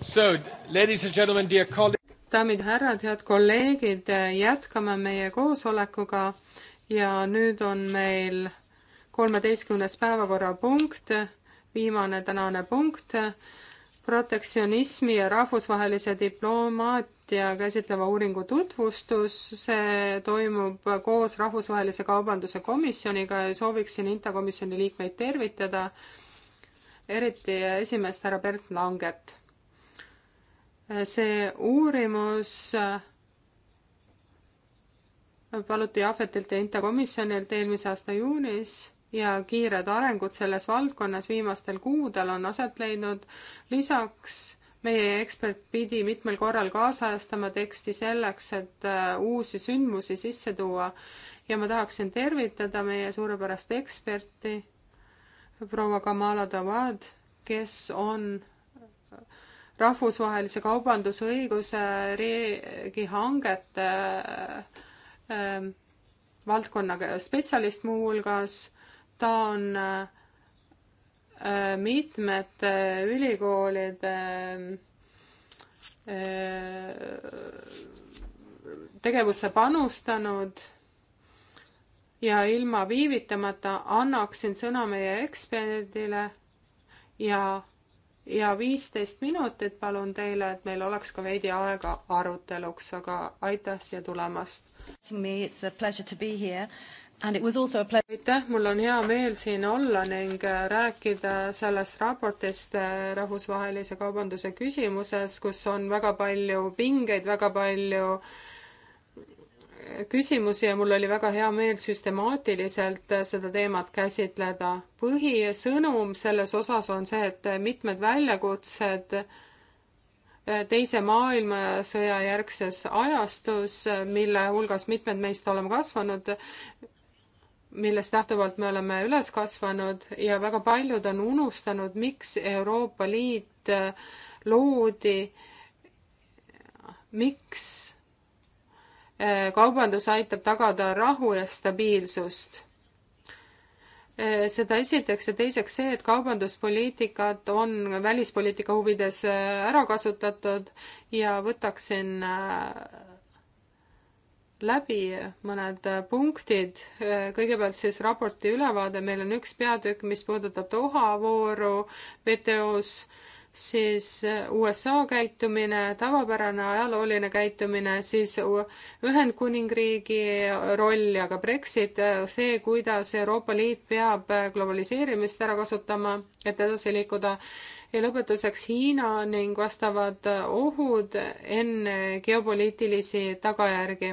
So, ladies and gentlemen, dear colleagues. daamid ja härrad, head kolleegid, jätkame meie koosolekuga ja nüüd on meil kolmeteistkümnes päevakorrapunkt, viimane tänane punkt, protektsionismi ja rahvusvahelise diplomaatia käsitleva uuringu tutvustus, see toimub koos Rahvusvahelise Kaubanduse Komisjoniga ja sooviksin Inta komisjoni liikmeid tervitada, eriti esimeest härra Bert Langet see uurimus äh, paluti Ahvetilt ja Inta komisjonilt eelmise aasta juunis ja kiired arengud selles valdkonnas viimastel kuudel on aset leidnud. lisaks meie ekspert pidi mitmel korral kaasajastama teksti selleks, et äh, uusi sündmusi sisse tuua ja ma tahaksin tervitada meie suurepärast eksperti, proua Kamala Davad, kes on rahvusvahelise kaubandusõiguse riigihangete äh, valdkonna spetsialist muuhulgas, ta on äh, mitmete äh, ülikoolide ähm, äh, tegevusse panustanud ja ilma viivitamata annaksin sõna meie eksperdile ja ja viisteist minutit palun teile, et meil oleks ka veidi aega aruteluks, aga aitäh siia tulemast. aitäh, mul on hea meel siin olla ning äh, rääkida sellest raportist äh, rahvusvahelise kaubanduse küsimuses, kus on väga palju pingeid, väga palju äh, küsimusi ja mul oli väga hea meel süstemaatiliselt seda teemat käsitleda. põhisõnum selles osas on see, et mitmed väljakutsed eh, teise maailmasõja järgses ajastus, mille hulgas mitmed meist oleme kasvanud, millest lähtuvalt me oleme üles kasvanud ja väga paljud on unustanud, miks Euroopa Liit eh, loodi, miks Äh, kaubandus aitab tagada rahu ja stabiilsust. Äh, seda esiteks ja teiseks see, et kaubanduspoliitikat on välispoliitika huvides äh, ära kasutatud ja võtaksin läbi mõned punktid. kõigepealt siis raporti ülevaade, meil on üks peatükk, mis puudutab Doha vooru WTO-s siis USA käitumine, tavapärane ajalooline käitumine, siis Ühendkuningriigi roll ja ka Brexit, see, kuidas Euroopa Liit peab globaliseerimist ära kasutama, et edasi liikuda. ja lõpetuseks Hiina ning vastavad ohud enne geopoliitilisi tagajärgi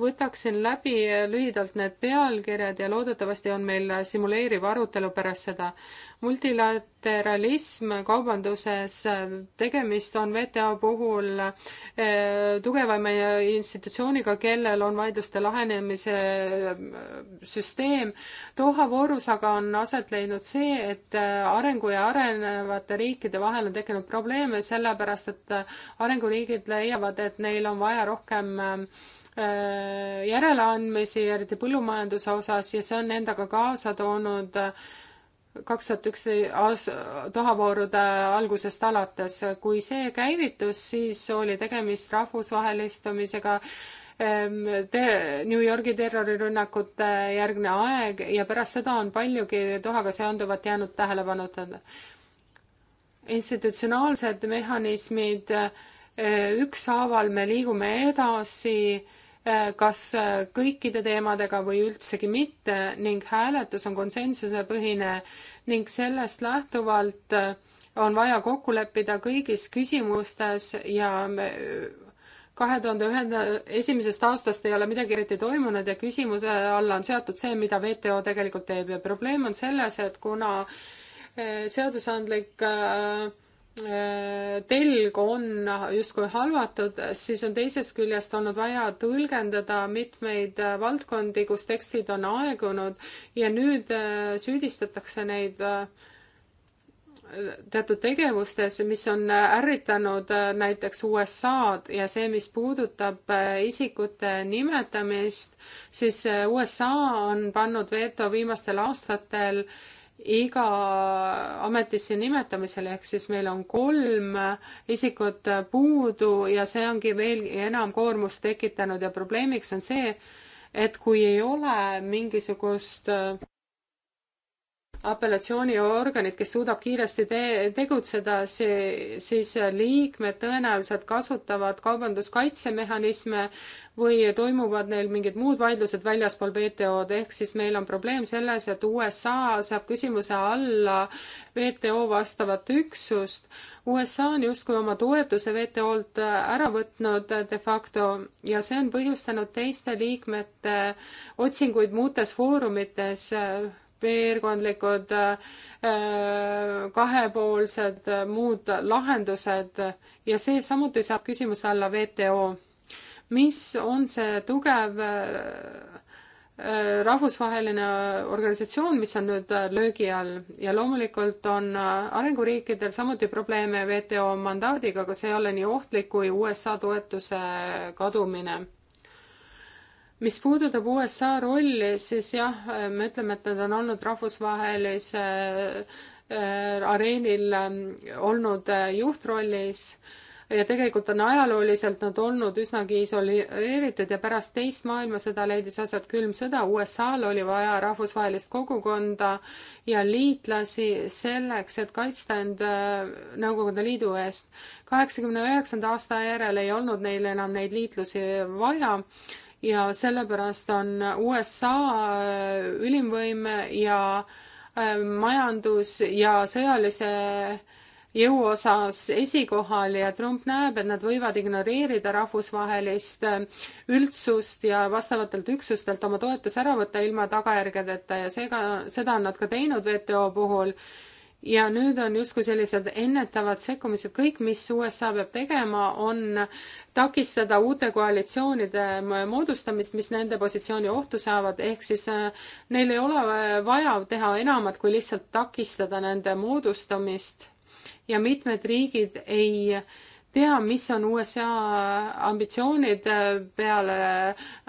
võtaksin läbi lühidalt need pealkirjad ja loodetavasti on meil simuleeriv arutelu pärast seda. multilateralism kaubanduses, tegemist on WTO puhul eh, tugevaima institutsiooniga, kellel on vaidluste lahenemise eh, süsteem. Doha voorus aga on aset leidnud see, et eh, arengu ja arenevate riikide vahel on tekkinud probleeme, sellepärast et arenguriigid leiavad, et neil on vaja rohkem Äh, järeleandmisi, eriti põllumajanduse osas, ja see on endaga kaasa toonud äh, kaks tuhat üks tohavoorude algusest alates. kui see käivitus, siis oli tegemist rahvusvahelistumisega, ähm, te-, New Yorgi terrorirünnakute järgne aeg ja pärast seda on paljugi tohaga seonduvat jäänud tähelepanuta. institutsionaalsed mehhanismid, äh, ükshaaval me liigume edasi kas kõikide teemadega või üldsegi mitte ning hääletus on konsensusepõhine ning sellest lähtuvalt on vaja kokku leppida kõigis küsimustes ja kahe tuhande ühenda, esimesest aastast ei ole midagi eriti toimunud ja küsimuse alla on seatud see, mida WTO tegelikult teeb ja probleem on selles, et kuna eh, seadusandlik äh, telg on justkui halvatud, siis on teisest küljest olnud vaja tõlgendada mitmeid valdkondi, kus tekstid on aegunud ja nüüd äh, süüdistatakse neid äh, teatud tegevustes, mis on ärritanud äh, näiteks USA-d ja see, mis puudutab isikute nimetamist, siis USA on pannud veto viimastel aastatel äh, iga ametisse nimetamisel, ehk siis meil on kolm isikut puudu ja see ongi veelgi enam koormust tekitanud ja probleemiks on see, et kui ei ole mingisugust apellatsiooniorganit, kes suudab kiiresti te tegutseda, see, siis liikmed tõenäoliselt kasutavad kaubanduskaitsemehhanisme või toimuvad neil mingid muud vaidlused väljaspool WTO-d, ehk siis meil on probleem selles, et USA saab küsimuse alla WTO vastavat üksust. USA on justkui oma toetuse WTO-lt ära võtnud de facto ja see on põhjustanud teiste liikmete otsinguid muutes foorumites piirkondlikud äh, kahepoolsed muud lahendused ja see samuti saab küsimuse alla WTO. mis on see tugev äh, rahvusvaheline organisatsioon, mis on nüüd löögi all ja loomulikult on äh, arenguriikidel samuti probleeme WTO mandaadiga, aga see ei ole nii ohtlik kui USA toetuse kadumine mis puudutab USA rolli, siis jah, me ütleme, et nad on olnud rahvusvahelise äh, areenil ähm, olnud äh, juhtrollis ja tegelikult on ajalooliselt nad olnud üsnagi isoleeritud ja pärast teist maailmasõda leidis aset külm sõda, USA-l oli vaja rahvusvahelist kogukonda ja liitlasi selleks, et kaitsta end äh, Nõukogude Liidu eest. kaheksakümne üheksanda aasta järel ei olnud neil enam neid liitlusi vaja ja sellepärast on USA äh, ülimvõim ja äh, majandus ja sõjalise jõu osas esikohal ja Trump näeb, et nad võivad ignoreerida rahvusvahelist äh, üldsust ja vastavatelt üksustelt oma toetuse ära võtta ilma tagajärgedeta ja seega seda on nad ka teinud WTO puhul ja nüüd on justkui sellised ennetavad sekkumised, kõik, mis USA peab tegema, on takistada uute koalitsioonide moodustamist, mis nende positsiooni ohtu saavad, ehk siis äh, neil ei ole vaja teha enamat, kui lihtsalt takistada nende moodustamist ja mitmed riigid ei äh, tea, mis on USA ambitsioonid äh, peale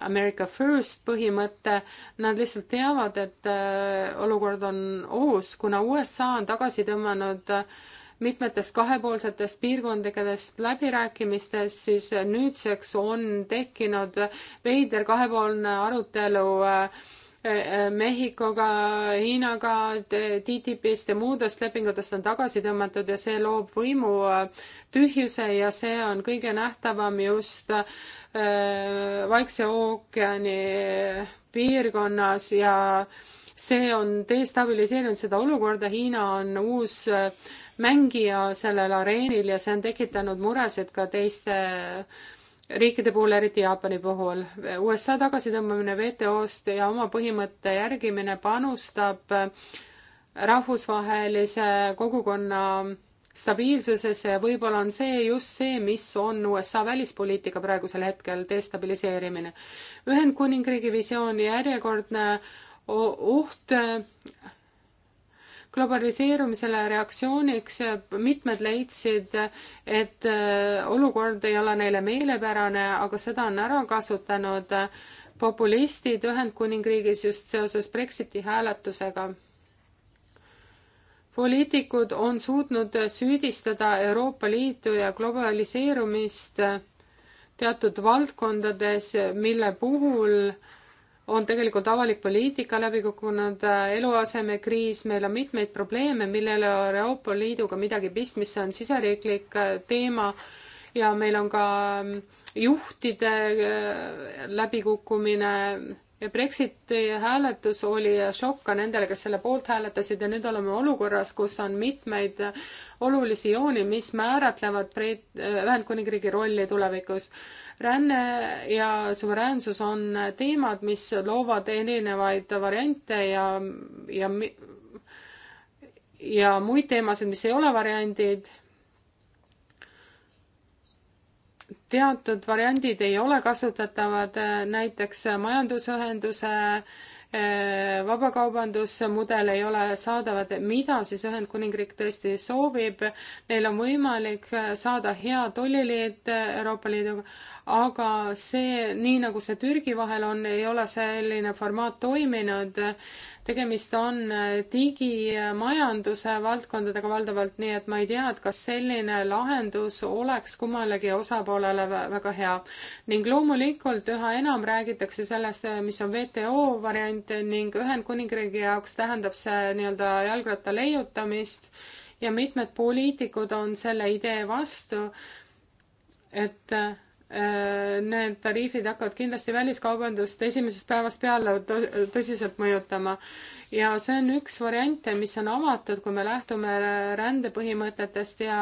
America First põhimõtte. Nad lihtsalt teavad, et äh, olukord on uus, kuna USA on tagasi tõmmanud äh, mitmetest kahepoolsetest piirkondlikest läbirääkimistest, siis nüüdseks on tekkinud veider kahepoolne arutelu äh, Mehhikoga, Hiinaga, TTIP-ist ja muudest lepingutest on tagasi tõmmatud ja see loob võimu äh, tühjuse ja see on kõige nähtavam just äh, Vaikse ookeani äh, piirkonnas ja see on destabiliseerinud seda olukorda, Hiina on uus mängija sellel areenil ja see on tekitanud muresid ka teiste äh, riikide puhul, eriti Jaapani puhul. USA tagasitõmbamine WTO-st ja oma põhimõtte järgimine panustab äh, rahvusvahelise kogukonna stabiilsusesse ja võib-olla on see just see, mis on USA välispoliitika praegusel hetkel, destabiliseerimine. Ühendkuningriigi visioon järjekordne oht äh, globaliseerumisele reaktsiooniks mitmed leidsid, et äh, olukord ei ole neile meelepärane, aga seda on ära kasutanud äh, populistid Ühendkuningriigis just seoses Brexiti hääletusega. poliitikud on suutnud süüdistada Euroopa Liitu ja globaliseerumist äh, teatud valdkondades, mille puhul äh, on tegelikult avalik poliitika läbi kukkunud, äh, eluasemekriis, meil on mitmeid probleeme, millel ei ole Euroopa Liiduga midagi pistmist, see on siseriiklik äh, teema ja meil on ka äh, juhtide läbikukkumine ja Brexiti hääletus oli šokk ka nendele, kes selle poolt hääletasid ja nüüd oleme olukorras, kus on mitmeid olulisi jooni, mis määratlevad Breit-, Ühendkuningriigi rolli tulevikus ränne ja suveräänsus on teemad, mis loovad erinevaid variante ja, ja, ja muid teemasid, mis ei ole variandid. teatud variandid ei ole kasutatavad, äh, näiteks majandusühenduse äh, vabakaubandusmudel ei ole saadavad, mida siis Ühendkuningriik tõesti soovib. Neil on võimalik äh, saada hea tolliliit Euroopa Liiduga, aga see, nii nagu see Türgi vahel on, ei ole selline formaat toiminud. tegemist on äh, digimajanduse valdkondadega valdavalt, nii et ma ei tea, et kas selline lahendus oleks kummalegi osapoolele väga hea. ning loomulikult üha enam räägitakse sellest, äh, mis on WTO variant ning Ühendkuningriigi jaoks tähendab see nii-öelda jalgratta leiutamist ja mitmed poliitikud on selle idee vastu, et äh, Äh, need tariifid hakkavad kindlasti väliskaubandust esimesest päevast peale tõsiselt mõjutama. ja see on üks variante, mis on avatud, kui me lähtume rändepõhimõtetest ja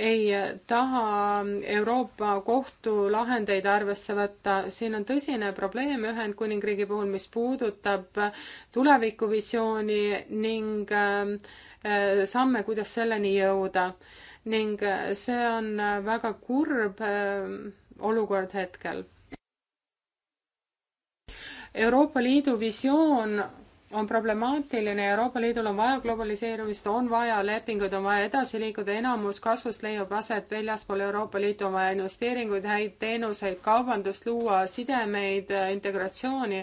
ei taha Euroopa Kohtu lahendeid arvesse võtta. siin on tõsine probleem Ühendkuningriigi puhul, mis puudutab tulevikuvisiooni ning äh, samme, kuidas selleni jõuda. ning äh, see on väga kurb olukord hetkel. Euroopa Liidu visioon on problemaatiline, Euroopa Liidul on vaja globaliseerumist, on vaja lepinguid, on vaja edasi liikuda, enamus kasvust leiab aset väljaspool Euroopa Liitu, on vaja investeeringuid, häid teenuseid, kaubandust luua, sidemeid, integratsiooni,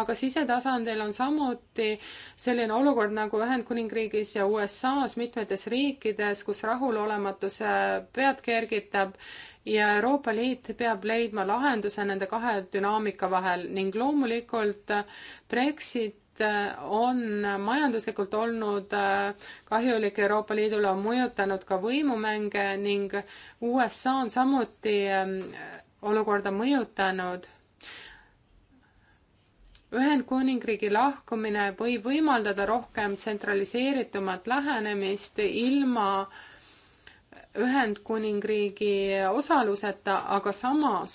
aga sisetasandil on samuti selline olukord nagu Ühendkuningriigis ja USA-s, mitmetes riikides, kus rahulolematuse pead kergitab ja Euroopa Liit peab leidma lahenduse nende kahe dünaamika vahel ning loomulikult äh, Brexit äh, on majanduslikult olnud äh, kahjulik Euroopa Liidule, on mõjutanud ka võimumänge ning USA on samuti ähm, olukorda mõjutanud. Ühendkuningriigi lahkumine võib võimaldada rohkem tsentraliseeritumat lähenemist ilma äh, Ühendkuningriigi osaluseta, aga samas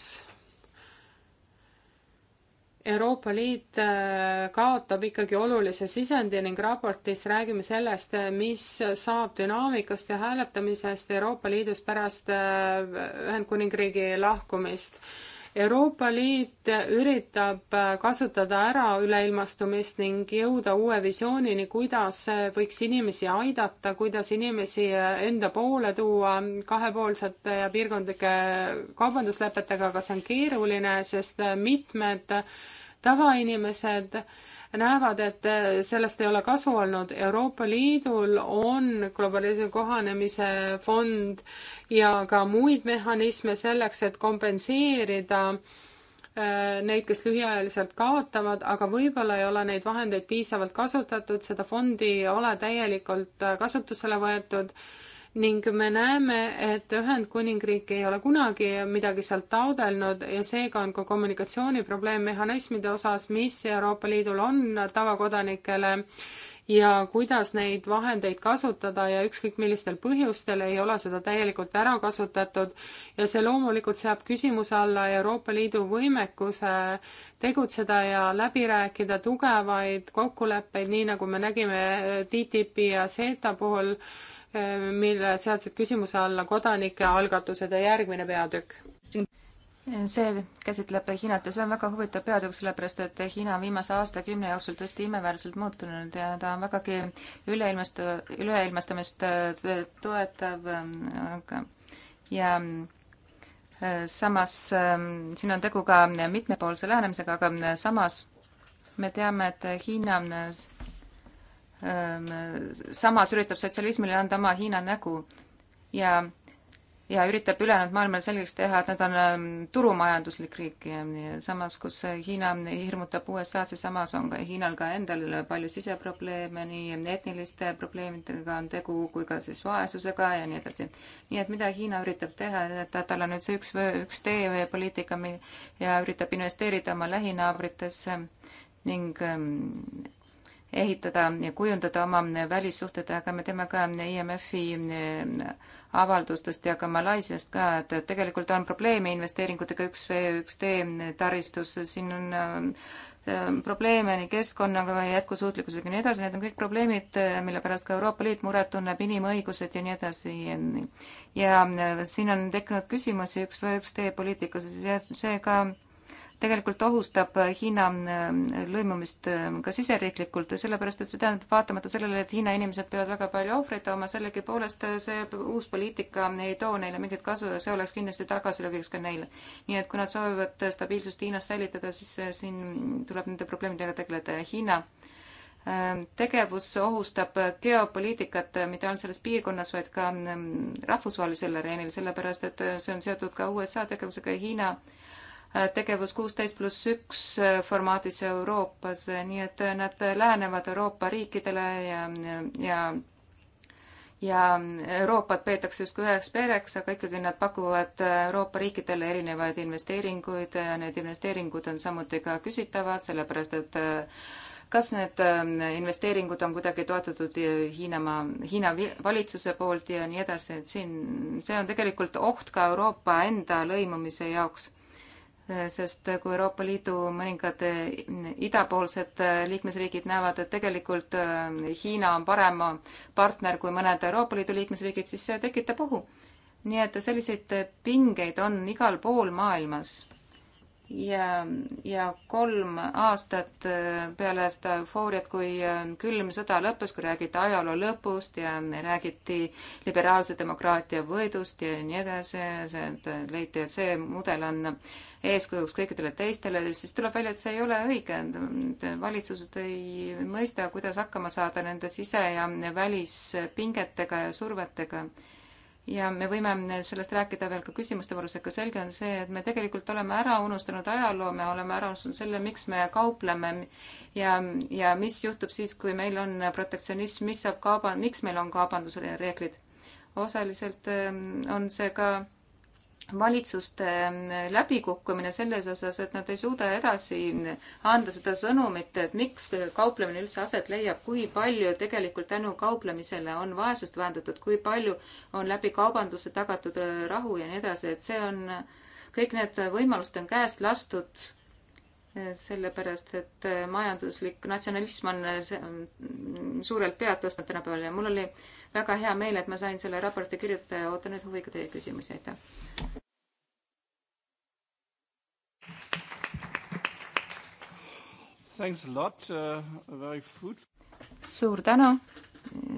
Euroopa Liit äh, kaotab ikkagi olulise sisendi ning raportis räägime sellest, äh, mis saab dünaamikast ja hääletamisest Euroopa Liidus pärast äh, Ühendkuningriigi lahkumist. Euroopa Liit üritab kasutada ära üleilmastumist ning jõuda uue visioonini, kuidas võiks inimesi aidata, kuidas inimesi enda poole tuua kahepoolsete ja piirkondlike kaubanduslepetega, aga see on keeruline, sest mitmed tavainimesed näevad, et äh, sellest ei ole kasu olnud. Euroopa Liidul on globaliseerimise kohanemise fond ja ka muid mehhanisme selleks, et kompenseerida äh, neid, kes lühiajaliselt kaotavad, aga võib-olla ei ole neid vahendeid piisavalt kasutatud, seda fondi ei ole täielikult äh, kasutusele võetud ning me näeme, et Ühendkuningriik ei ole kunagi midagi sealt taodelnud ja seega on ka kommunikatsiooniprobleem mehhanismide osas, mis Euroopa Liidul on tavakodanikele ja kuidas neid vahendeid kasutada ja ükskõik millistel põhjustel ei ole seda täielikult ära kasutatud ja see loomulikult seab küsimuse alla Euroopa Liidu võimekuse tegutseda ja läbi rääkida tugevaid kokkuleppeid, nii nagu me nägime TTIP-i ja CETA puhul mille seadsid küsimuse alla kodanike algatused ja järgmine peatükk. see käsitleb Hiinat ja see on väga huvitav peatükk, sellepärast et Hiina on viimase aastakümne jooksul tõesti imeväärselt muutunud ja ta on vägagi üleilmast, üleilmastamist äh, toetav äh, ja äh, samas ähm, siin on tegu ka mitmepoolse lähenemisega, aga samas me teame, et Hiina Ähm, samas üritab sotsialismile anda oma Hiina nägu ja, ja üritab ülejäänud maailmale selgeks teha, et nad on ähm, turumajanduslik riik ja samas, kus Hiina hirmutab USA-d, siis samas on ka Hiinal ka endal palju siseprobleeme, nii etniliste probleemidega on tegu kui ka siis vaesusega ja nii edasi. nii et mida Hiina üritab teha, et tal on nüüd see üks, üks tee või poliitika ja üritab investeerida oma lähinaabritesse ning ähm, ehitada ja kujundada oma välissuhted, aga me teame ka IMF-i eh, avaldustest ja ka Malaisiast ka, et tegelikult on probleeme investeeringutega üks V, üks D taristusse, siin on eh, eh, probleeme nii keskkonnaga, jätkusuutlikkusega ja nii edasi, need on kõik probleemid, mille pärast ka Euroopa Liit muret tunneb, inimõigused ja nii edasi. ja siin on tekkinud küsimusi üks V, üks D poliitikas, seega see tegelikult ohustab Hiina äh, lõimumist äh, ka siseriiklikult, sellepärast et see tähendab, vaatamata sellele, et Hiina inimesed peavad väga palju ohvreid tooma, sellegipoolest äh, see uus poliitika ei too neile mingit kasu ja see oleks kindlasti tagasilöögiks ka neile. nii et kui nad soovivad stabiilsust Hiinas säilitada, siis siin tuleb nende probleemidega tegeleda ja Hiina tegevus ohustab geopoliitikat mitte ainult selles piirkonnas, vaid ka rahvusvahelisel areenil, sellepärast et see on seotud ka USA tegevusega ja Hiina äh, Äh, tegevus kuusteist pluss üks äh, formaadis Euroopas, äh, nii et nad lähenevad Euroopa riikidele ja, ja ja Euroopat peetakse justkui üheks pereks, aga ikkagi nad pakuvad Euroopa riikidele erinevaid investeeringuid ja need investeeringud on samuti ka küsitavad, sellepärast et kas need investeeringud on kuidagi toetatud Hiinamaa, Hiina valitsuse poolt ja nii edasi, et siin, see on tegelikult oht ka Euroopa enda lõimumise jaoks. Äh, sest kui Euroopa Liidu mõningad äh, idapoolsed äh, liikmesriigid näevad, et tegelikult Hiina on parem partner kui mõned Euroopa Liidu liikmesriigid, siis see tekitab ohu. nii et selliseid pingeid on igal pool maailmas ja, ja kolm aastat äh, peale seda eufooriat, kui äh, külm sõda lõppes, kui räägiti ajaloo lõpust ja räägiti liberaalse demokraatia võidust ja nii edasi, see, leiti, et see mudel on eeskujuks kõikidele teistele, siis tuleb välja, et see ei ole õige. valitsused ei mõista, kuidas hakkama saada nende sise- ja välispingetega ja survetega ja me võime sellest rääkida veel ka küsimuste voorus, aga selge on see, et me tegelikult oleme ära unustanud ajaloo, me oleme ära unustanud selle, miks me kaupleme ja, ja mis juhtub siis, kui meil on protektsionism, mis saab kauba, miks meil on kaubandusreeglid. osaliselt ähm, on see ka valitsuste mm, läbikukkumine selles osas, et nad ei suuda edasi anda seda sõnumit, et miks kauplemine üldse aset leiab, kui palju tegelikult tänu kauplemisele on vaesust vähendatud, kui palju on läbi kaubanduse tagatud äh, rahu ja nii edasi, et see on, kõik need võimalused on käest lastud, äh, sellepärast et äh, majanduslik natsionalism on mm, suurelt pead tõstnud tänapäeval ja mul oli äh, väga hea meel, et ma sain selle raporti kirjutada ja ootan nüüd huviga teie küsimusi, aitäh. Uh, suur tänu,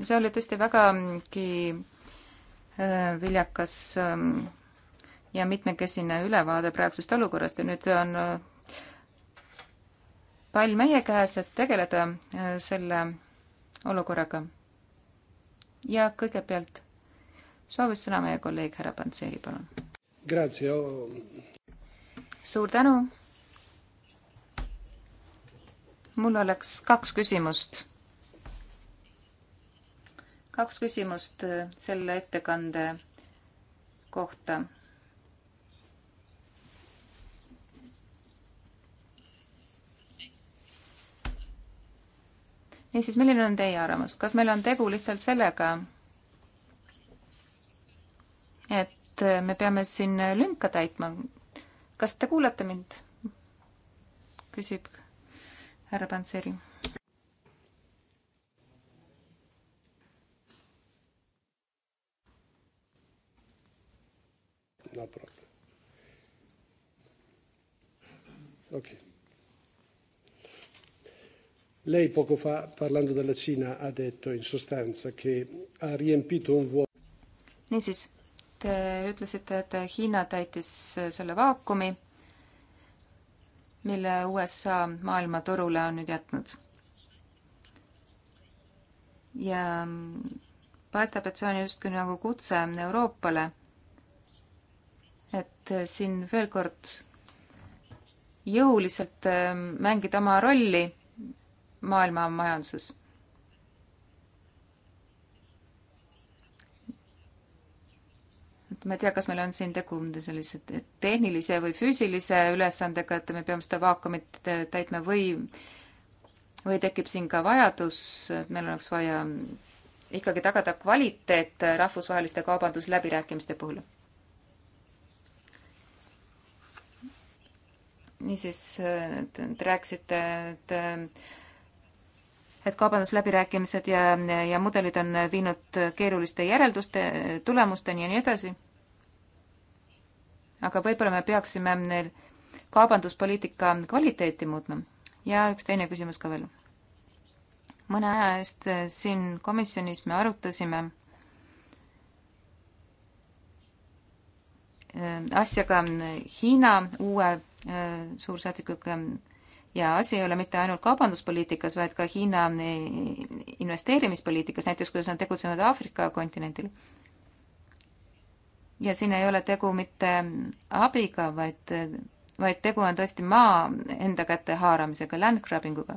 see oli tõesti vägagi äh, viljakas ähm, ja mitmekesine ülevaade praegusest olukorrast ja nüüd on äh, pall meie käes, et tegeleda äh, selle olukorraga ja kõigepealt soovis sõna meie kolleeg härra Pantseri, palun. suur tänu. mul oleks kaks küsimust. kaks küsimust selle ettekande kohta niisiis, milline on teie arvamus, kas meil on tegu lihtsalt sellega, et me peame siin lünka täitma? kas te kuulete mind? küsib härra Panseri. no problem. okei okay.. Lei poco fa, parlando della Cina, ha detto in sostanza che ha riempito un vuoto. niisiis, te ütlesite, et Hiina täitis äh, selle vaakumi, mille USA maailmaturule on nüüd jätnud. ja mm, paistab, et see on justkui nagu kutse Euroopale, et äh, siin veel kord jõuliselt äh, mängida oma rolli maailma majanduses. et ma ei tea, kas meil on siin tegu sellise tehnilise või füüsilise ülesandega, et me peame seda vaakumit täitma või, või tekib siin ka vajadus, et meil oleks vaja ikkagi tagada kvaliteet rahvusvaheliste kaubandusläbirääkimiste puhul. niisiis, te rääkisite, et, et et kaubandusläbirääkimised ja, ja mudelid on viinud keeruliste järelduste, tulemusteni ja nii edasi. aga võib-olla me peaksime kaubanduspoliitika kvaliteeti muutma. ja üks teine küsimus ka veel. mõne aja eest siin komisjonis me arutasime äh, asjaga Hiina uue äh, suursaadikuga ja asi ei ole mitte ainult kaubanduspoliitikas, vaid ka Hiina investeerimispoliitikas, näiteks kuidas nad tegutsevad Aafrika kontinendil. ja siin ei ole tegu mitte abiga, vaid, vaid tegu on tõesti maa enda kätte haaramisega, land grabbing uga.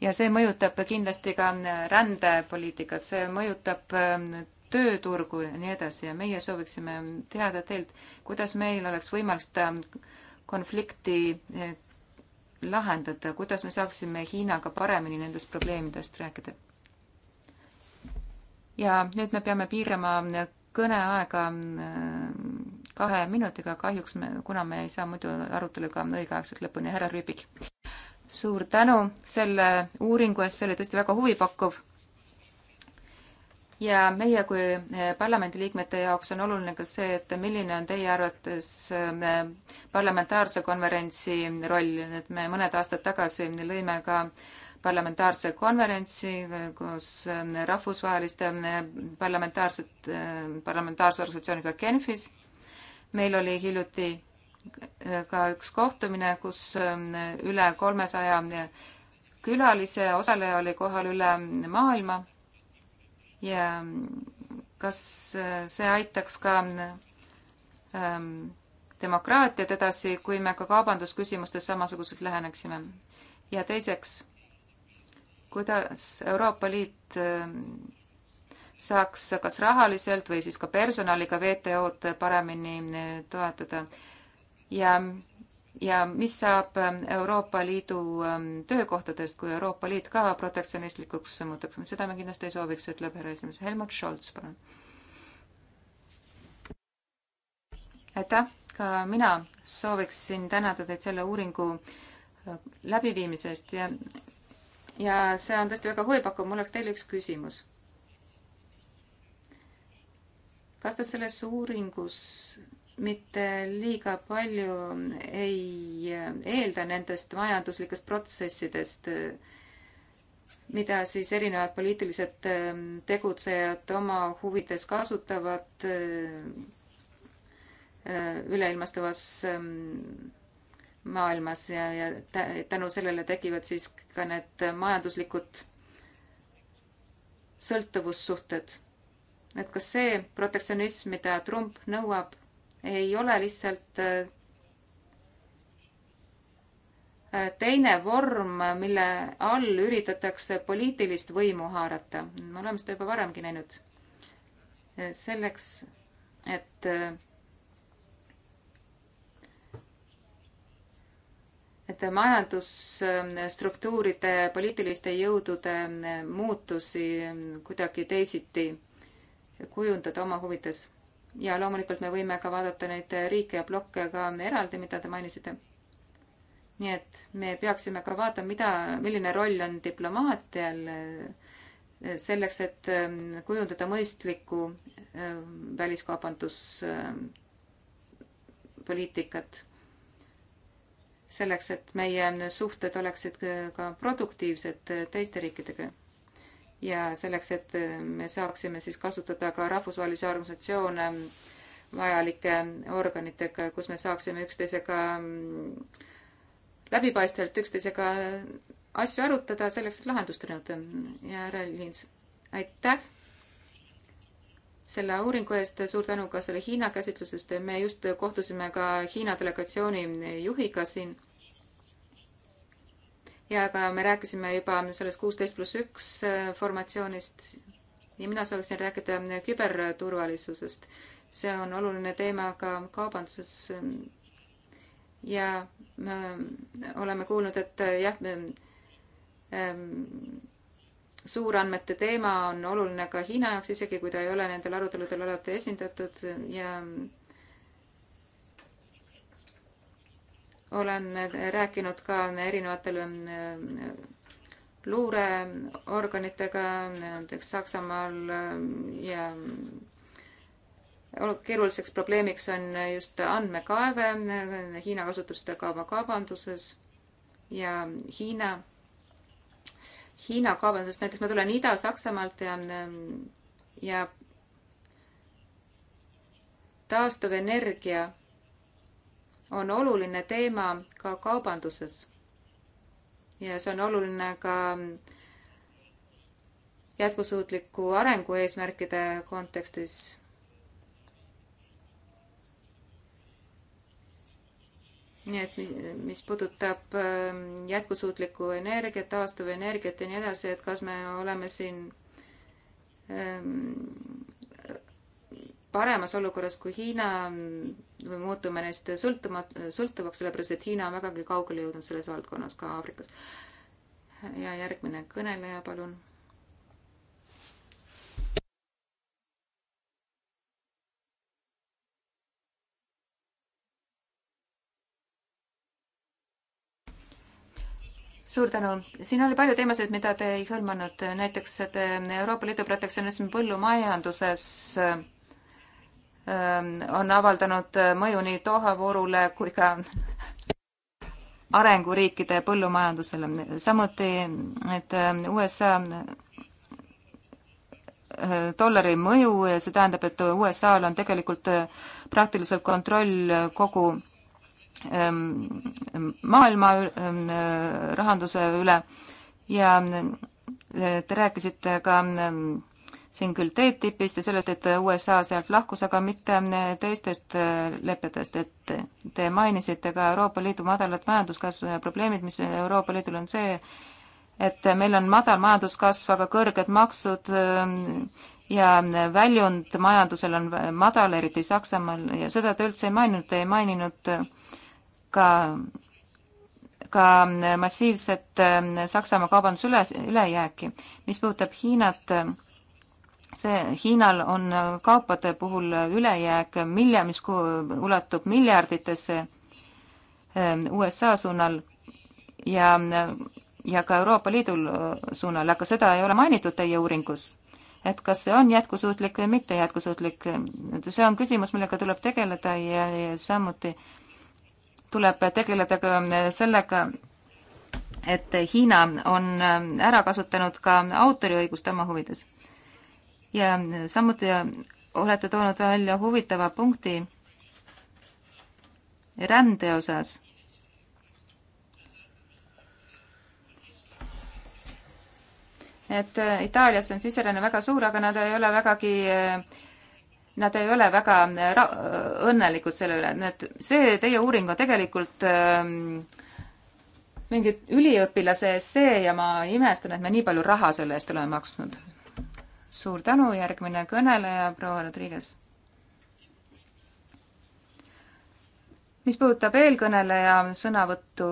ja see mõjutab kindlasti ka rändepoliitikat, see mõjutab ähm, tööturgu ja nii edasi ja meie sooviksime teada teilt, kuidas meil oleks võimalik seda ähm, konflikti äh, lahendada, kuidas me saaksime Hiinaga paremini nendest probleemidest rääkida. ja nüüd me peame piirama kõneaega äh, kahe minutiga, kahjuks me, kuna me ei saa muidu aruteluga õigeaegselt lõpuni, härra Rüübik. suur tänu selle uuringu eest, see oli tõesti väga huvipakkuv ja meie kui eh, parlamendiliikmete jaoks on oluline ka see, et milline on teie arvates eh, parlamentaarse konverentsi roll, et me mõned aastad tagasi lõime ka parlamentaarse konverentsi, eh, kus rahvusvaheliste parlamentaarsed, parlamentaarse organisatsiooniga Genfis. meil oli hiljuti ka üks kohtumine, kus üle kolmesaja külalise osaleja oli kohal üle maailma ja mm, kas äh, see aitaks ka ähm, demokraatiat edasi, kui me ka kaubandusküsimustes samasuguselt läheneksime. ja teiseks, kuidas Euroopa Liit ähm, saaks kas rahaliselt või siis ka personaliga WTO-d paremini äh, toetada ja mm, ja mis saab ähm, Euroopa Liidu ähm, töökohtadest, kui Euroopa Liit ka protektsionistlikuks muutub, seda me kindlasti ei sooviks, ütleb härra esimees. Helmut Scholz, palun. aitäh, ka mina sooviksin tänada teid selle uuringu äh, läbiviimise eest ja, ja see on tõesti väga huvipakkuv, mul oleks teile üks küsimus. kas te selles uuringus mitte liiga palju ei eelda nendest majanduslikest protsessidest, mida siis erinevad poliitilised ähm, tegutsejad oma huvides kasutavad äh, üleilmastuvas ähm, maailmas ja, ja tänu sellele tekivad siis ka need majanduslikud sõltuvussuhted. et kas see protektsionism, mida Trump nõuab ei ole lihtsalt äh, teine vorm, mille all üritatakse poliitilist võimu haarata. me oleme seda juba varemgi näinud. Äh, selleks, et äh, et majandusstruktuuride, poliitiliste jõudude muutusi kuidagi teisiti kujundada oma huvides ja loomulikult me võime ka vaadata neid riike ja blokke ka eraldi, mida te mainisite. nii et me peaksime ka vaatama, mida, milline roll on diplomaatial eh, selleks, et eh, kujundada mõistlikku eh, väliskaubanduspoliitikat. selleks, et meie suhted oleksid ka produktiivsed teiste riikidega ja selleks, et me saaksime siis kasutada ka rahvusvahelisi organisatsioone vajalike organitega, kus me saaksime üksteisega mm, läbipaistvalt üksteisega asju arutada, selleks, et lahendust leida. ja härra Lins, aitäh selle uuringu eest, suur tänu ka selle Hiina käsitlusest. me just kohtusime ka Hiina delegatsiooni juhiga siin ja ka me rääkisime juba sellest kuusteist pluss üks äh, formatsioonist ja mina sooviksin rääkida ähm, küberturvalisusest. see on oluline teema ka kaubanduses. ja me äh, oleme kuulnud, et äh, jah, ähm, suurandmete teema on oluline ka Hiina jaoks, isegi kui ta ei ole nendel aruteludel alati esindatud ja olen rääkinud ka erinevatele äh, luureorganitega, näiteks Saksamaal äh, ja keeruliseks probleemiks on just andmekaeve, äh, Hiina kasutab seda ka oma kaubanduses ja Hiina, Hiina kaubandusest, näiteks ma tulen Ida-Saksamaalt ja, ja taastuvenergia on oluline teema ka kaubanduses. ja see on oluline ka jätkusuutliku arengu eesmärkide kontekstis. nii et mis puudutab ähm, jätkusuutlikku energiat, taastuvenergiat ja nii edasi, et kas me oleme siin ähm, paremas olukorras kui Hiina, me mm, muutume neist sõltumat-, sõltuvaks, sellepärast et Hiina on vägagi kaugele jõudnud selles valdkonnas ka Aafrikas. ja järgmine kõneleja, palun. suur tänu. siin oli palju teemasid, mida te ei hõlmanud, näiteks Euroopa Liidu protektsionism põllumajanduses äh, Ähm, on avaldanud äh, mõju nii Doha voorule kui ka arenguriikide põllumajandusele. samuti, et ähm, USA äh, dollari mõju ja see tähendab, et USA-l on tegelikult äh, praktiliselt kontroll kogu ähm, maailma rahanduse üle ja te rääkisite ka siin küll TTIP-ist ja sellelt, et USA sealt lahkus, aga mitte teistest lepetest, et te mainisite ka Euroopa Liidu madalat majanduskasvu ja probleemid, mis Euroopa Liidul on see, et meil on madal majanduskasv, aga kõrged maksud ähm, ja väljund majandusel on madal, eriti Saksamaal, ja seda te üldse ei maininud, te ei maininud ka ka massiivset ähm, Saksamaa kaubanduse üle, ülejääki. mis puudutab Hiinat, see Hiinal on kaupade puhul ülejääk milja, mis ulatub miljarditesse ähm, USA suunal ja, ja ka Euroopa Liidul suunal, aga seda ei ole mainitud teie uuringus. et kas see on jätkusuutlik või mitte jätkusuutlik, see on küsimus, millega tuleb tegeleda ja, ja samuti tuleb tegeleda ka sellega, et Hiina on ära kasutanud ka autoriõigust oma huvides ja samuti olete toonud välja huvitava punkti rände osas. et äh, Itaalias on siseränne väga suur, aga nad ei ole vägagi, äh, nad ei ole väga äh, õnnelikud selle üle, nii et see teie uuring on tegelikult ähm, mingi üliõpilase essee ja ma imestan, et me nii palju raha selle eest oleme maksnud suur tänu, järgmine kõneleja, proua Rodriguez. mis puudutab eelkõneleja sõnavõttu,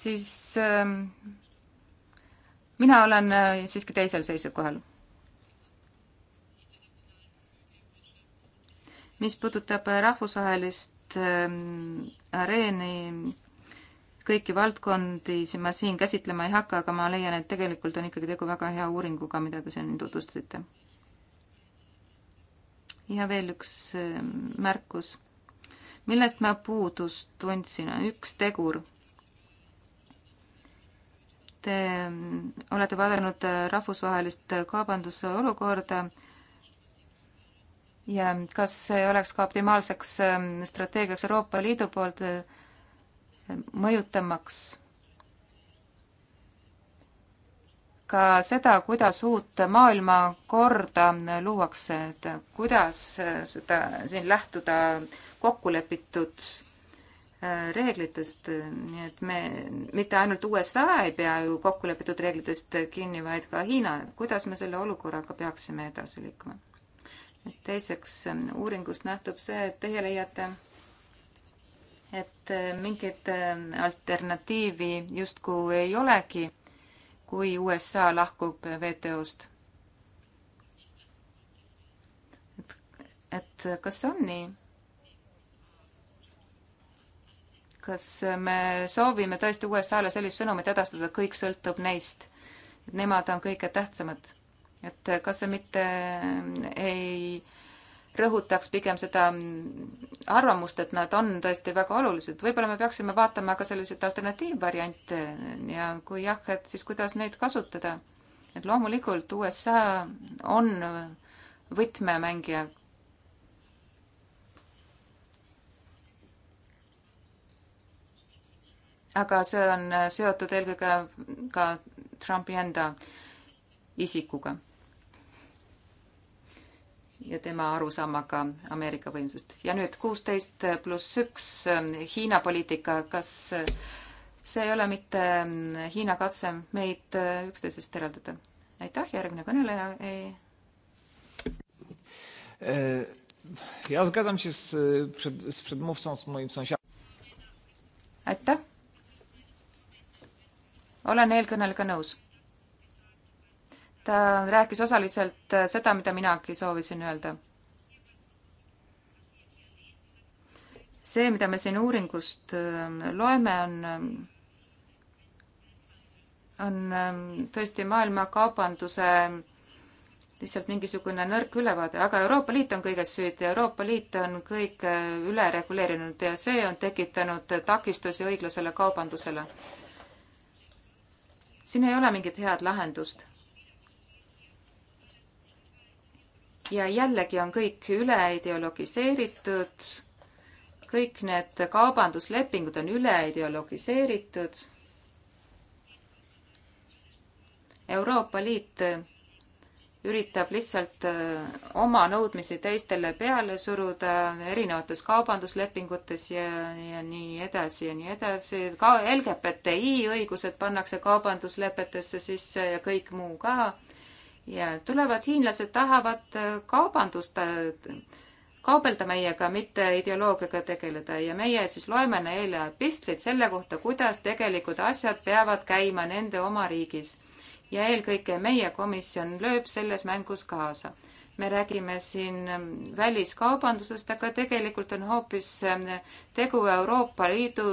siis äh, mina olen äh, siiski teisel seisukohal. mis puudutab rahvusvahelist äh, areeni kõiki valdkondi siin ma siin käsitlema ei hakka, aga ma leian, et tegelikult on ikkagi tegu väga hea uuringuga, mida te siin tutvustasite. ja veel üks ähm, märkus, millest ma puudust tundsin, on üks tegur. Te ähm, olete vaadanud äh, rahvusvahelist kaubanduse olukorda ja kas oleks ka optimaalseks ähm, strateegiaks Euroopa Liidu poolt äh, mõjutamaks ka seda, kuidas uut maailmakorda luuakse, et kuidas seda, siin lähtuda kokkulepitud äh, reeglitest, nii et me, mitte ainult USA ei pea ju kokkulepitud reeglitest kinni, vaid ka Hiina, et kuidas me selle olukorraga peaksime edasi liikuma. teiseks, äh, uuringust nähtub see, et teie leiate, et äh, mingit äh, alternatiivi justkui ei olegi, kui USA lahkub WTO-st. et, et kas on nii? kas me soovime tõesti USA-le sellist sõnumit edastada, kõik sõltub neist, et nemad on kõige tähtsamad, et kas see mitte ei äh, rõhutaks pigem seda mm, arvamust, et nad on tõesti väga olulised. võib-olla me peaksime vaatama ka selliseid alternatiivvariante ja kui jah, et siis kuidas neid kasutada. et loomulikult USA on võtmemängija. aga see on seotud eelkõige ka Trumpi enda isikuga ja tema arusaamaga Ameerika võimsust. ja nüüd kuusteist pluss üks Hiina poliitika, kas see ei ole mitte Hiina katse meid üksteisest eraldada? aitäh, järgmine kõneleja ei.... Ja zgadzam się z, przed, z przedmówcą, z moim sąsiadem. Aitäh. olen eelkõnelega nõus ta äh, rääkis osaliselt äh, seda, mida minagi soovisin öelda. see, mida me siin uuringust ähm, loeme, on, ähm, on ähm, tõesti maailmakaubanduse lihtsalt mingisugune nõrk ülevaade, aga Euroopa Liit on kõiges süüdi, Euroopa Liit on kõik äh, üle reguleerinud ja see on tekitanud takistusi õiglasele kaubandusele. siin ei ole mingit head lahendust ja jällegi on kõik üle ideologiseeritud, kõik need kaubanduslepingud on üle ideologiseeritud. Euroopa Liit üritab lihtsalt äh, oma nõudmisi teistele peale suruda erinevates kaubanduslepingutes ja, ja nii edasi ja nii edasi. ka LGBTI õigused pannakse kaubanduslepetesse sisse ja kõik muu ka ja tulevad hiinlased tahavad äh, kaubandust, äh, kaubelda meiega, mitte ideoloogiaga tegeleda ja meie siis loeme neile epistlit selle kohta, kuidas tegelikult asjad peavad käima nende oma riigis. ja eelkõige meie komisjon lööb selles mängus kaasa me räägime siin väliskaubandusest, aga tegelikult on hoopis ähm, tegu Euroopa Liidu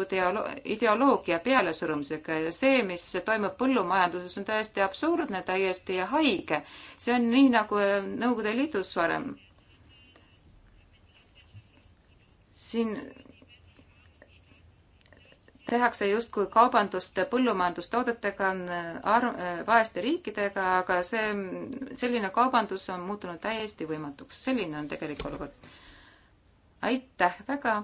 ideoloogia pealesurumisega ja see, mis toimub põllumajanduses, on täiesti absurdne, täiesti haige. see on nii, nagu ähm, Nõukogude Liidus varem. siin tehakse justkui kaubandust põllumajandustoodetega äh, arm-, äh, vaeste riikidega, aga see, selline kaubandus on muutunud täiesti võimatuks. selline on tegelik olukord. aitäh väga!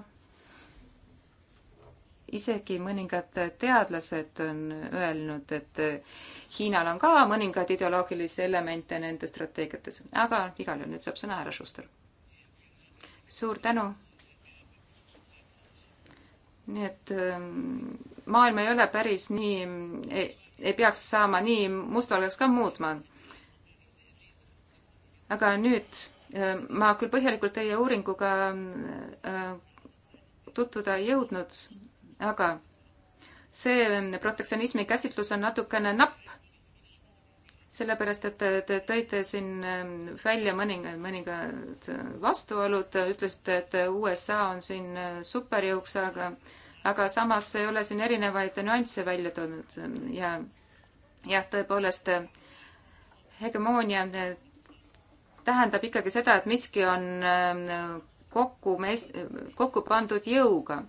isegi mõningad teadlased on öelnud, et äh, Hiinal on ka mõningaid ideoloogilisi elemente nende strateegiates, aga igal juhul nüüd saab sõna härra Schuster. suur tänu, nii et ähm, maailm ei ole päris nii, ei peaks saama nii mustvalgeks ka muutma. aga nüüd ähm, ma küll põhjalikult teie uuringuga äh, tutvuda ei jõudnud, aga see ähm, protektsionismi käsitlus on natukene napp sellepärast, et te tõite siin ähm, välja mõningad, mõningad vastuolud, ütlesite, et USA on siin äh, superjõuks, aga, aga samas ei ole siin erinevaid nüansse välja toonud ja jah, tõepoolest äh, hegemoonia äh, tähendab ikkagi seda, et miski on ähm, kokku, kokku pandud jõuga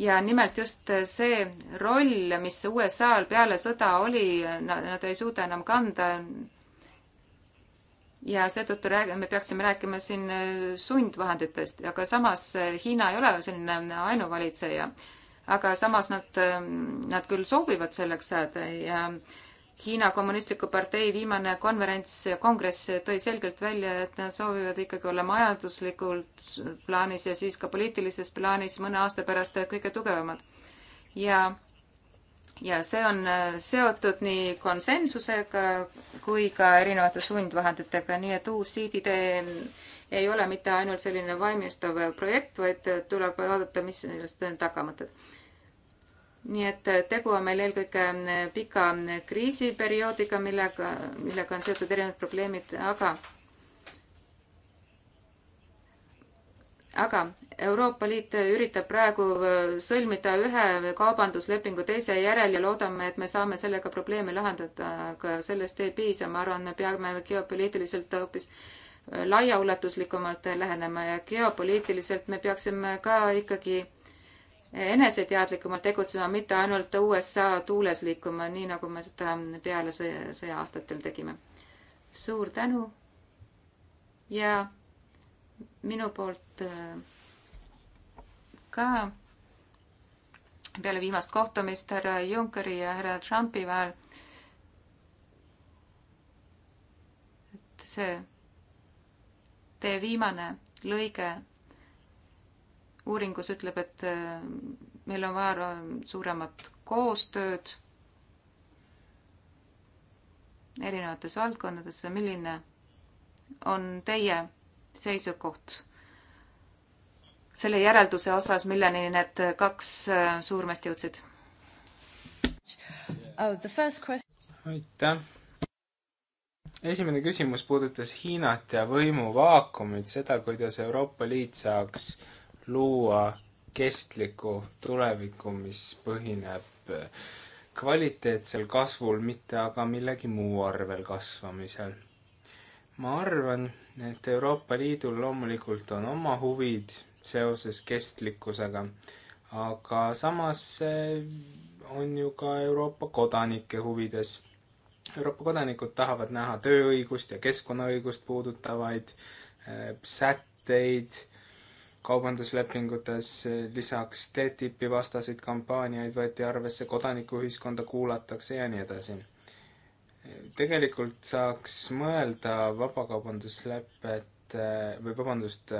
ja nimelt just see roll, mis USA-l peale sõda oli, nad ei suuda enam kanda. ja seetõttu räägi-, me peaksime rääkima siin äh, sundvahenditest, aga samas äh, Hiina ei ole selline ainuvalitseja. aga samas nad, ähm, nad küll soovivad selleks saada ja äh, Hiina Kommunistliku Partei viimane konverents, kongress tõi selgelt välja, et nad soovivad ikkagi olla majanduslikult plaanis ja siis ka poliitilises plaanis mõne aasta pärast kõige tugevamad. ja, ja see on äh, seotud nii konsensusega kui ka erinevate sundvahenditega, nii et uus siididee ei ole mitte ainult selline valmistav projekt, vaid tuleb vaadata, mis on tagamõtted nii et äh, tegu on meil eelkõige äh, pika äh, kriisiperioodiga, millega, millega on seotud erinevad probleemid, aga aga Euroopa Liit üritab praegu sõlmida ühe kaubanduslepingu teise järel ja loodame, et me saame sellega probleeme lahendada, aga sellest ei piisa, ma arvan, me peame geopoliitiliselt hoopis laiaulatuslikumalt lähenema ja geopoliitiliselt me peaksime ka ikkagi eneseteadlikumalt tegutsema, mitte ainult USA tuules liikuma, nii nagu me seda peale sõja, sõja-aastatel tegime. suur tänu ja minu poolt äh, ka peale viimast kohtumist härra Junckeri ja härra Trumpi vahel. et see, teie viimane lõige uuringus ütleb, et äh, meil on vaja suuremat koostööd erinevates valdkondades. milline on teie seisukoht selle järelduse osas, milleni need kaks äh, suurmeest jõudsid? Oh, aitäh. esimene küsimus puudutas Hiinat ja võimuvaakumit, seda, kuidas Euroopa Liit saaks äh, luua kestlikku tulevikku, mis põhineb äh, kvaliteetsel kasvul, mitte aga millegi muu arvel kasvamisel. ma arvan, et Euroopa Liidul loomulikult on oma huvid seoses kestlikkusega, aga samas äh, on ju ka Euroopa kodanike huvides. Euroopa kodanikud tahavad näha tööõigust ja keskkonnaõigust puudutavaid äh, sätteid kaubanduslepingutes, lisaks TTIP-i vastaseid kampaaniaid võeti arvesse, kodanikuühiskonda kuulatakse ja nii edasi. tegelikult saaks mõelda vabakaubanduslepet või vabandust,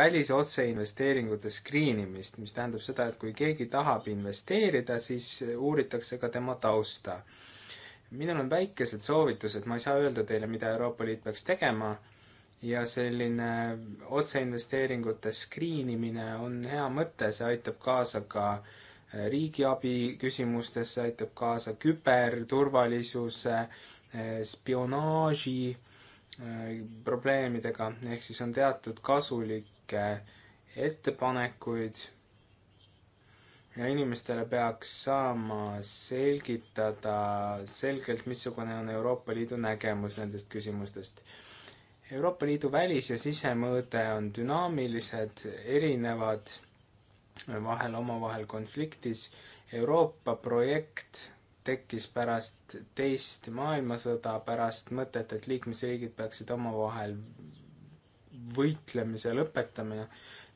välisotseinvesteeringute screen imist, mis tähendab seda, et kui keegi tahab investeerida, siis uuritakse ka tema tausta. minul on väikesed soovitused, ma ei saa öelda teile, mida Euroopa Liit peaks tegema ja selline otseinvesteeringute skriinimine on hea mõte, see aitab kaasa ka äh, riigiabi küsimustes, see aitab kaasa küberturvalisuse, äh, spionaaži äh, probleemidega, ehk siis on teatud kasulikke ettepanekuid ja inimestele peaks saama selgitada selgelt, missugune on Euroopa Liidu nägemus nendest küsimustest Euroopa Liidu välis- ja sisemõõde on dünaamilised, erinevad, vahel omavahel konfliktis. Euroopa projekt tekkis pärast teist maailmasõda, pärast mõtet, et liikmesriigid peaksid omavahel võitlemise lõpetama ja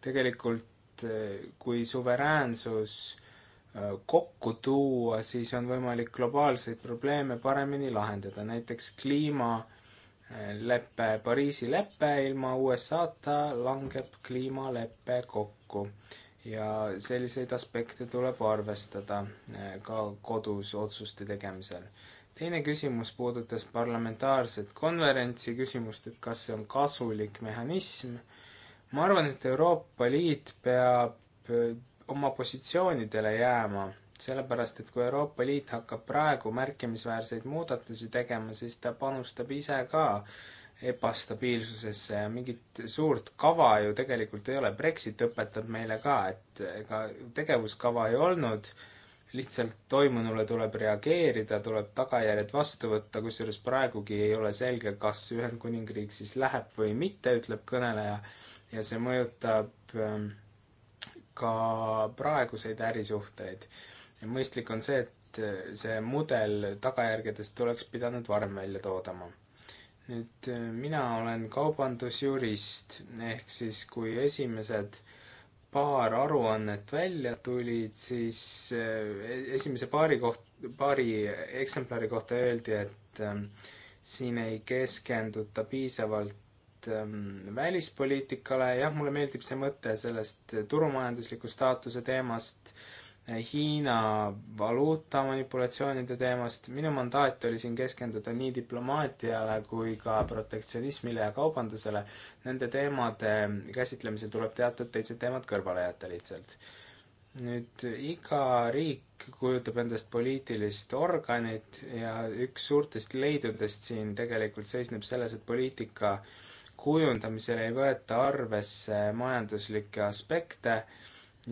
tegelikult kui suveräänsus äh, kokku tuua, siis on võimalik globaalseid probleeme paremini lahendada, näiteks kliima lepe, Pariisi lepe ilma USA-ta langeb kliimaleppe kokku ja selliseid aspekte tuleb arvestada eh, ka kodus otsuste tegemisel. teine küsimus puudutas parlamentaarset konverentsi küsimust, et kas see on kasulik mehhanism. ma arvan, et Euroopa Liit peab eh, oma positsioonidele jääma sellepärast, et kui Euroopa Liit hakkab praegu märkimisväärseid muudatusi tegema, siis ta panustab ise ka ebastabiilsusesse ja mingit suurt kava ju tegelikult ei ole. Brexit õpetab meile ka, et ega tegevuskava ei olnud, lihtsalt toimunule tuleb reageerida, tuleb tagajärjed vastu võtta, kusjuures praegugi ei ole selge, kas Ühendkuningriik siis läheb või mitte, ütleb kõneleja, ja see mõjutab ähm, ka praeguseid ärisuhteid mõistlik on see, et äh, see mudel tagajärgedest oleks pidanud varem välja toodama. nüüd äh, mina olen kaubandusjurist, ehk siis kui esimesed paar aruannet välja tulid, siis äh, e-, esimese paari koht-, paari eksemplari kohta öeldi, et ähm, siin ei keskenduta piisavalt ähm, välispoliitikale, jah, mulle meeldib see mõte sellest turumajandusliku staatuse teemast äh,, Eh, Hiina valuuta manipulatsioonide teemast. minu mandaat oli siin keskenduda nii diplomaatiale kui ka protektsionismile ja kaubandusele. Nende teemade käsitlemisel tuleb teatud teised teemad kõrvale jätta lihtsalt. nüüd iga riik kujutab endast poliitilist organit ja üks suurtest leidudest siin tegelikult seisneb selles, et poliitika kujundamisel ei võeta arvesse majanduslikke aspekte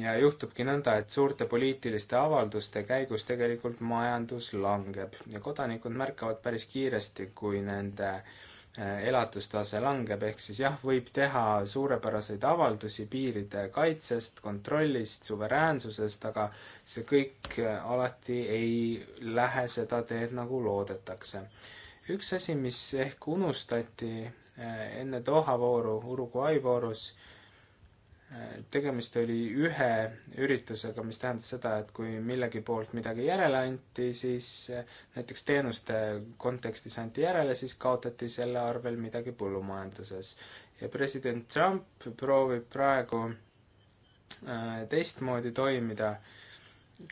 ja juhtubki nõnda, et suurte poliitiliste avalduste käigus tegelikult majandus langeb ja kodanikud märkavad päris kiiresti, kui nende eh, elatustase langeb, ehk siis jah, võib teha suurepäraseid avaldusi piiride kaitsest, kontrollist, suveräänsusest, aga see kõik eh, alati ei lähe seda teed, nagu loodetakse. üks asi, mis ehk unustati eh, enne Doha vooru Uruguay voorus, tegemist oli ühe üritusega, mis tähendas seda, et kui millegi poolt midagi järele anti, siis eh, näiteks teenuste kontekstis anti järele, siis kaotati selle arvel midagi põllumajanduses. ja president Trump proovib praegu eh, teistmoodi toimida,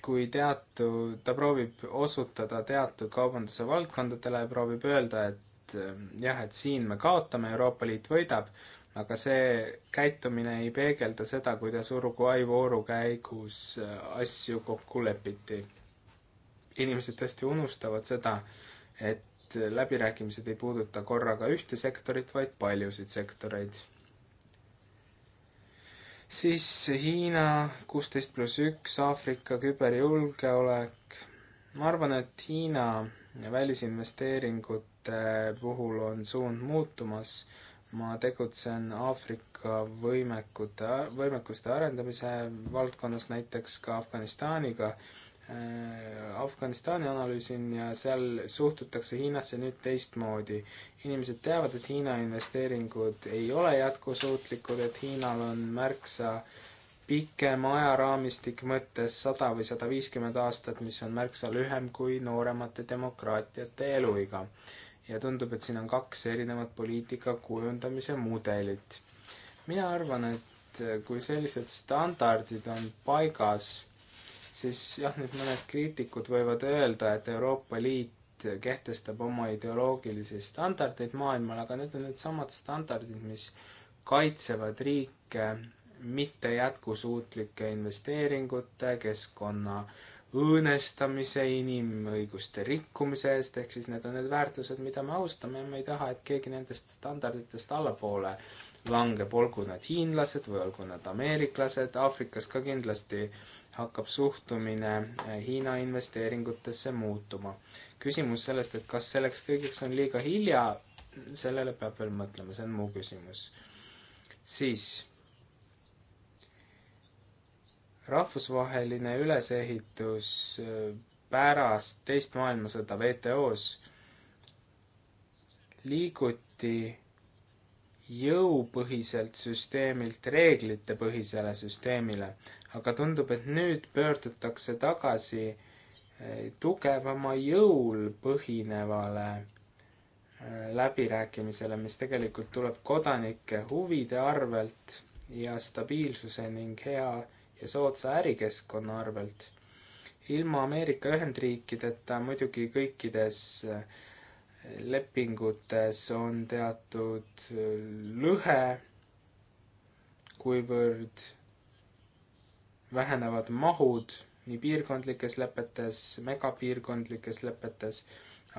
kui teatud, ta proovib osutada teatud kaubanduse valdkondadele ja proovib öelda, et eh, jah, et siin me kaotame, Euroopa Liit võidab aga see käitumine ei peegelda seda, kuidas Uruguay vooru käigus äh, asju kokku lepiti. inimesed tõesti unustavad seda, et äh, läbirääkimised ei puuduta korraga ühte sektorit, vaid paljusid sektoreid. siis Hiina kuusteist pluss üks, Aafrika küberjulgeolek. ma arvan, et Hiina välisinvesteeringute puhul on suund muutumas ma tegutsen Aafrika võimekute, võimekuste arendamise valdkonnas näiteks ka Afganistaniga. Äh, Afganistani analüüsin ja seal suhtutakse Hiinasse nüüd teistmoodi. inimesed teavad, et Hiina investeeringud ei ole jätkusuutlikud, et Hiinal on märksa pikem ajaraamistik mõttes sada või sada viiskümmend aastat, mis on märksa lühem kui nooremate demokraatiate eluiga ja tundub, et siin on kaks erinevat poliitika kujundamise mudelit. mina arvan, et äh, kui sellised standardid on paigas, siis jah, nüüd mõned kriitikud võivad öelda, et Euroopa Liit kehtestab oma ideoloogilisi standardeid maailmale, aga need on needsamad standardid, mis kaitsevad riike mitte jätkusuutlike investeeringute, keskkonna äh, õõnestamise, inimõiguste rikkumise eest, ehk siis need on need väärtused, mida me austame ja me ei taha, et keegi nendest standarditest allapoole langeb, olgu nad hiinlased või olgu nad ameeriklased, Aafrikas ka kindlasti hakkab suhtumine eh, Hiina investeeringutesse muutuma. küsimus sellest, et kas selleks kõigeks on liiga hilja, sellele peab veel mõtlema, see on mu küsimus. siis rahvusvaheline ülesehitus äh, pärast teist maailmasõda WTO-s liiguti jõupõhiselt süsteemilt reeglitepõhisele süsteemile, aga tundub, et nüüd pöördutakse tagasi äh, tugevama jõul põhinevale äh, läbirääkimisele, mis tegelikult tuleb kodanike huvide arvelt ja stabiilsuse ning hea ja soodsa ärikeskkonna arvelt. ilma Ameerika Ühendriikideta muidugi kõikides eh, lepingutes on teatud eh, lõhe, kuivõrd vähenevad mahud nii piirkondlikes lepetes, megapiirkondlikes lepetes,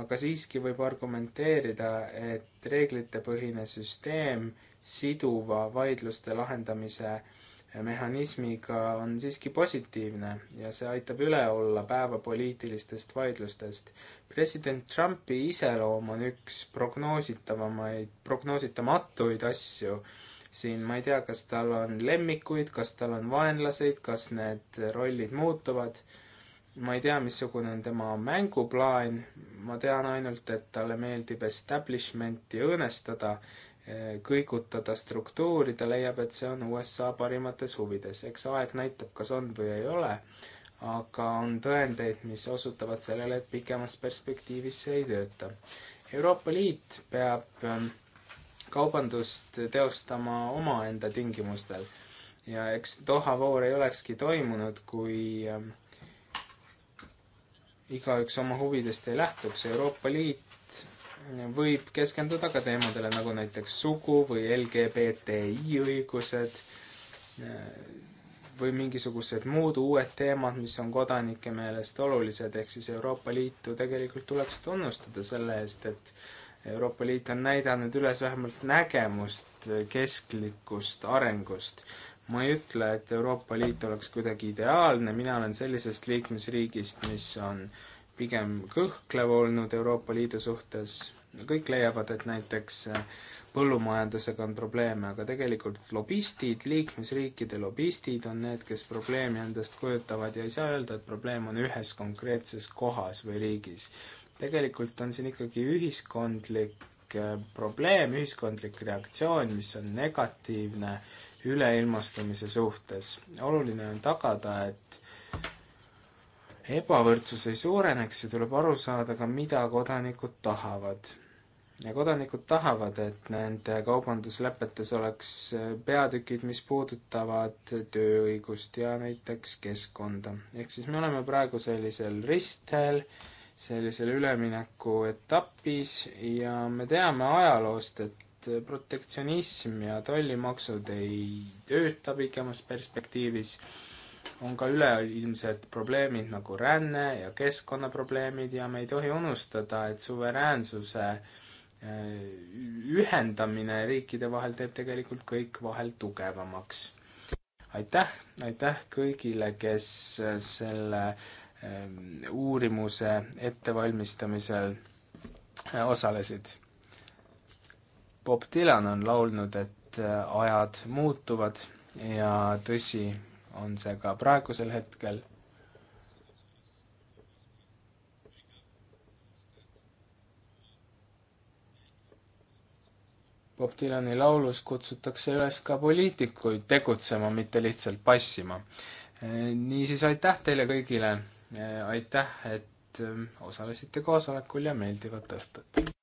aga siiski võib argumenteerida, et reeglitepõhine süsteem siduva vaidluste lahendamise äh, mehhanismiga on siiski positiivne ja see aitab üle olla päevapoliitilistest vaidlustest. president Trumpi iseloom on üks prognoositavamaid, prognoositamatuid asju siin, ma ei tea, kas tal on lemmikuid, kas tal on vaenlaseid, kas need rollid muutuvad, ma ei tea, missugune on tema mänguplaan, ma tean ainult, et talle meeldib establishmenti õõnestada Eh, kõigutada struktuuri, ta leiab, et see on USA parimates huvides. eks aeg näitab, kas on või ei ole, aga on tõendeid, mis osutavad sellele, et pikemas perspektiivis see ei tööta. Euroopa Liit peab ehm, kaubandust teostama omaenda tingimustel ja eks Doha voor ei olekski toimunud, kui ehm, igaüks oma huvidest ei lähtuks. Euroopa Liit võib keskenduda ka teemadele nagu näiteks sugu või LGBTI õigused või mingisugused muud uued teemad, mis on kodanike meelest olulised, ehk siis Euroopa Liitu tegelikult tuleks tunnustada selle eest, et Euroopa Liit on näidanud üles vähemalt nägemust kestlikust arengust. ma ei ütle, et Euroopa Liit oleks kuidagi ideaalne, mina olen sellisest liikmesriigist, mis on äh, pigem kõhklev olnud Euroopa Liidu suhtes, kõik leiavad, et näiteks äh, põllumajandusega on probleeme, aga tegelikult lobistid, liikmesriikide lobistid on need, kes probleemi endast kujutavad ja ei saa öelda, et probleem on ühes konkreetses kohas või riigis. tegelikult on siin ikkagi ühiskondlik äh, probleem, ühiskondlik reaktsioon, mis on negatiivne üleilmastumise suhtes. oluline on tagada, et ebavõrdsus ei suureneks ja tuleb aru saada ka, mida kodanikud tahavad. ja kodanikud tahavad, et nende kaubanduslepetes oleks äh, peatükid, mis puudutavad tööõigust ja näiteks keskkonda. ehk siis me oleme praegu sellisel ristteel, sellisel ülemineku etapis ja me teame ajaloost, et protektsionism ja tollimaksud ei tööta pikemas perspektiivis on ka üleilmsed probleemid nagu ränne ja keskkonnaprobleemid ja me ei tohi unustada, et suveräänsuse eh, ühendamine riikide vahel teeb tegelikult kõik vahel tugevamaks. aitäh, aitäh kõigile, kes selle eh, uurimuse ettevalmistamisel eh, osalesid. Bob Dylan on laulnud, et ajad muutuvad ja tõsi, on see ka praegusel hetkel. Bob Dylani laulus kutsutakse üles ka poliitikuid tegutsema, mitte lihtsalt passima. niisiis aitäh teile kõigile, aitäh, et ähm, osalesite koosolekul ja meeldivat õhtut!